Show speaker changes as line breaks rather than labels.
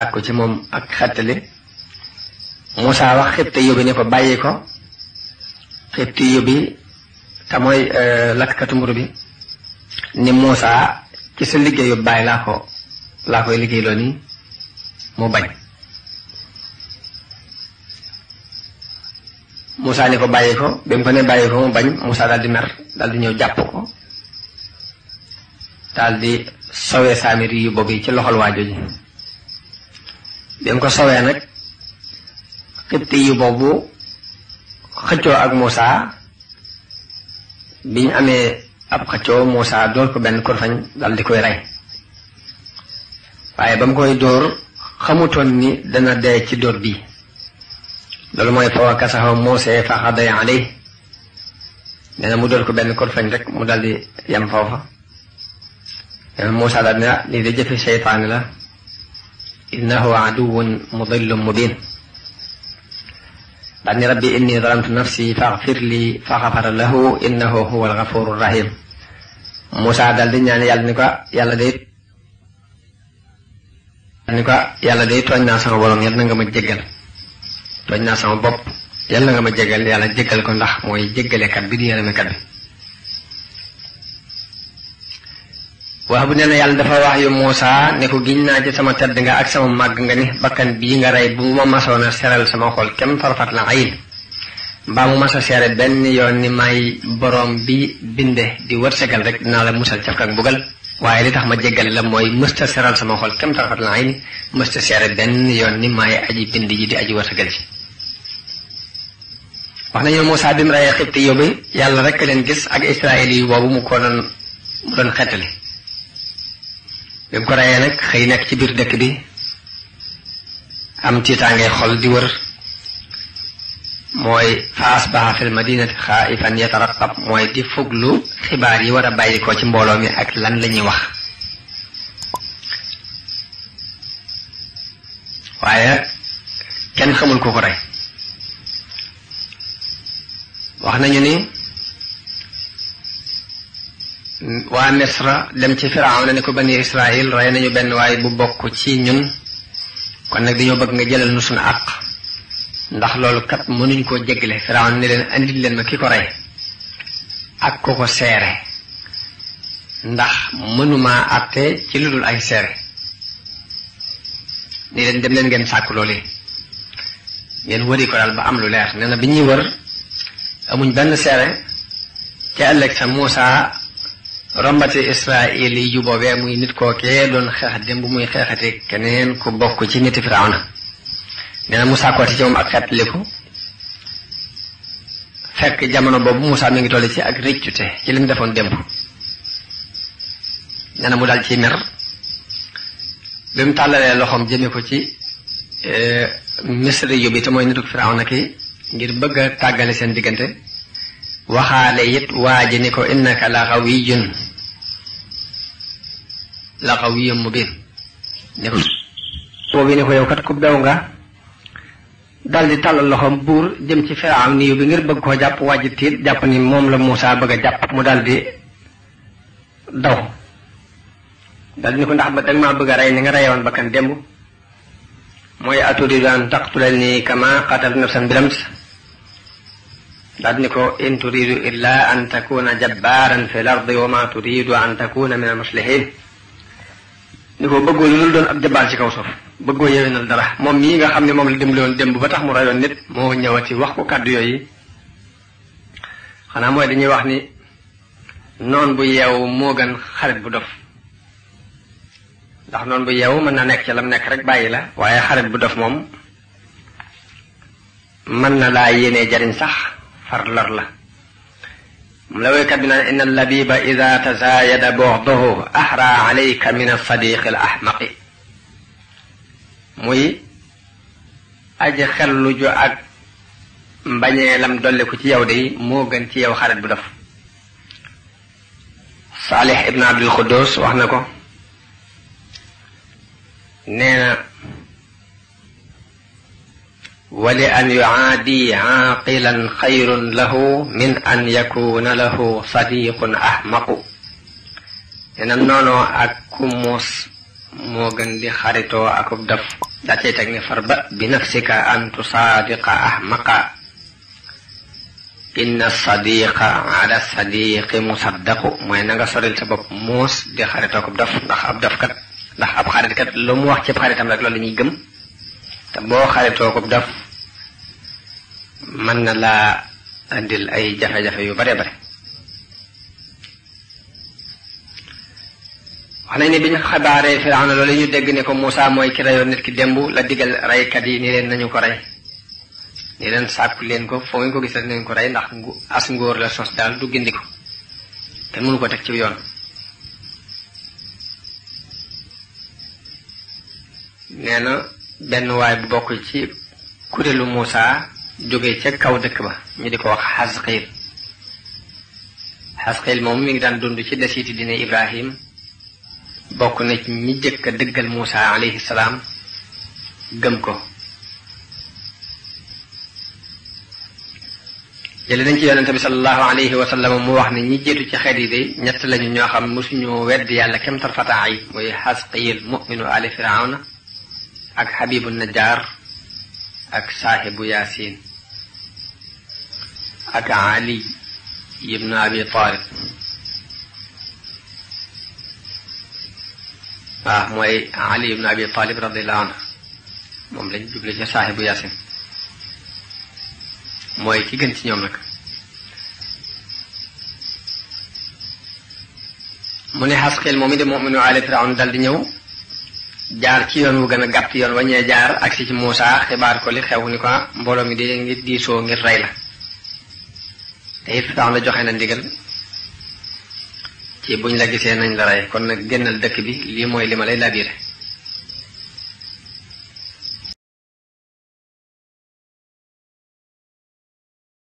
ak ko ci moom ak xettali Moussa wax xibte yóbbi ne ko bàyyi ko xibte yóbbi te mooy euh, lakkatu bi ni Moussa ci sa liggéeyu bàyyi laa ko laa koy liggéey loo nii mu bañ Moussa ni ko bàyyi ko bi mu ko ne bàyyi ko mu bañ Moussa daal di mer daal di ñëw jàpp ko daal di sowee saamiri yu boobu ci loxol waajo ji bi mu ko sowee nag xibti yu boobu xëccoo ak Muusa bi ñu amee ab xëccoo Muusa dóor ko benn kurfañ dal di koy rey waaye ba mu koy dóor xamutoon ni dana dee ci dóor bi loolu mooy fa wakasahu Muusa fa xaday alay nee na mu dóor ko benn kurfañ rek mu dal di yem foofa nee Muusa daal ne ah, lii de jëfi seytaane la إنه عدو مضل مبين بعدني ربي إني ظلمت نفسي فاغفر لي فغفر له إنه هو الغفور الرحيم Moussa dal di ñaan yàlla ni ko yàlla day ni ko yàlla day tooñ naa sama borom yàlla na nga ma jéggal tooñ naa sama bopp yàlla na nga ma jéggal yàlla jéggal ko ndax mooy jéggalekat bi di yërëmekat bi wax bu neena yalla dafa wax yu musa ne ko giñ naa ci sama tedd nga ak sama mag nga ni bakkan bi nga ray bu ma masona seral sama xol kem farfat la ayin ba mu masa sere ben yon ni may borom bi binde di wërsegal rek na la musal ci ak bugal waye li tax ma jéggal la moy musta seral sama xol kem farfat la ayin musta sere ben yon ni may aji binde ji di aji wërsegal ci wax nañu Moussa bi mu reyee xibti yóbbi yàlla rek leen gis ak israeli bobu mu ko doon don xetali bi ko reyee nag xëy nekk ci biir dëkk bi am tiitaange xol di wër mooy fa asbaha fil madinati xaa'ifan yatarattab mooy di fuglu xibaar yi war a bàyyi ko ci mbooloo mi ak lan la ñuy wax waaye kenn xamul ku ko rey wax nañu ni waa misra dem ci firawna ne ko bani israil rey nañu benn waaye bu bokk ci ñun kon nag dañoo bëgg nga jëlal nu suñu àq ndax loolu kat mënuñ koo jégle firawna ni leen andil leen ma ki ko rey ak ko ko seere ndax mënumaa àtte ci lu dul ay seere ni leen dem leen ngeen sàkk loolu yi ngeen wëri ko daal ba am lu leer nee na bi ñuy wër amuñ benn seere ca ëllëg sa Muusa rombati israel yi ju boobee muy nit kookee doon xeex démb muy xeexati keneen ku bokk ci niti firawna nee na Moussa kooti ci moom ak xettaliku fekk jamono boobu Moussa mi ngi toll ci ak rëccute ci lim defoon démb nee na mu dal ci mer bi mu tàllalee loxoom jëme ko ci misri yóbbi te mooy nituk firawna ki ngir bëgg a tàggale seen diggante waxaale it waaji ni ko innaka la xawiyun la qawiyyan mubin ya, ne ko so bi ne ko yow kat ko daw nga dal di talal loxom bur dem ci firaam ni bi ngir bëgg ko japp waji tit japp ni mom la musa bëgg japp mu dal di daw dal ni ko ndax ba dag ma bëgg ray ni nga rayewon bakkan moy taqtulani kama qatal nafsan bilams dal ni ko in turidu illa an takuna jabbaran fil ardi wa ma turidu an takuna min al muslihin niko ko bëggoo lu doon ab jabaal ci kaw sof bëggoo yewenal dara moom mii nga xam ne moom la dem woon dem ba tax mu rayoon nit moo ñëwati wax ko kàddu yooyu xanaa mooy dañuy wax ni noon bu yew moo gën xarit bu dof ndax noon bu yew mën na nekk ci lam nekk rek bàyyi la waaye xarit bu dof moom mën na laa yéenee jariñ sax far lor la ملوك بنا إن اللبيب إذا تزايد بغضه أحرى عليك من الصديق الأحمق موي أجي خلو جو أك مبنية لم دولك تيو دي موغن تيو خارج بدف صالح ابن عبد القدوس وحنكو نينا ولأن يعادي عاقلا خير له من أن يكون له صديق أحمق ena nono ak ku mos mo gën di xarito akub daf da cey teg ni farba bi nafsika an tusadiqa ahmaqa inna sadiqa ala sadiqi musaddaqu moy na nga soril sa bop mos di xarito akub daf ndax ab daf kat ndax ab xarit kat lu mu wax ci xaritam rek loolu ñuy gëm te boo xaritoo ko daf mën na laa indil ay jafe-jafe yu bare bare wax nañ ne bi ñu xabaaree Firawna loolu ñu dégg ne ko Moussa mooy ki reyoon nit ki démb la digal reykat yi ni leen nañu ko rey ni leen sàkku leen ko foo ngeen ko gis rek nañu ko rey ndax as ngóor la sos daal du gindi ko kenn mënu ko teg ci yoon nee na benn waay bu bokk ci kuréelu Moussa jógee ca kaw dëkk ba ñu di ko wax xasqil xasqil moom mi ngi daan dund ci desiiti dine ibrahim bokk na ci ñi jëkk a dëggal muusa alayhi salaam gëm ko jële nañ ci yonente bi salallahu alayhi wa sallam mu wax ne ñi jiitu ci xeet yi de ñett lañu ñoo xam mosuñu wedd yàlla kem tarfataa yi muy xasqil muminu ali firawna ak xabibu najaar ak saahibu yaasin أتى علي بن أبي طالب waaw mooy Ali ibn Abi Talib radiyallahu anhu moom lañ jubli ca saaxibu Yaasin mooy ki gën ci ñoom nag mu ne xasqil moom i de muminu ali firawn dal di ñëw jaar ci yoon wu gën a gàtt yoon wañee jaar agsi ci Muusa xibaar ko li xew ni ko mbooloo mi di ngir diisoo ngir rey la te it baax na joxe na ndigal ci buñ la gisee nañ la rey kon nag génnal dëkk bi lii mooy li ma lay labiré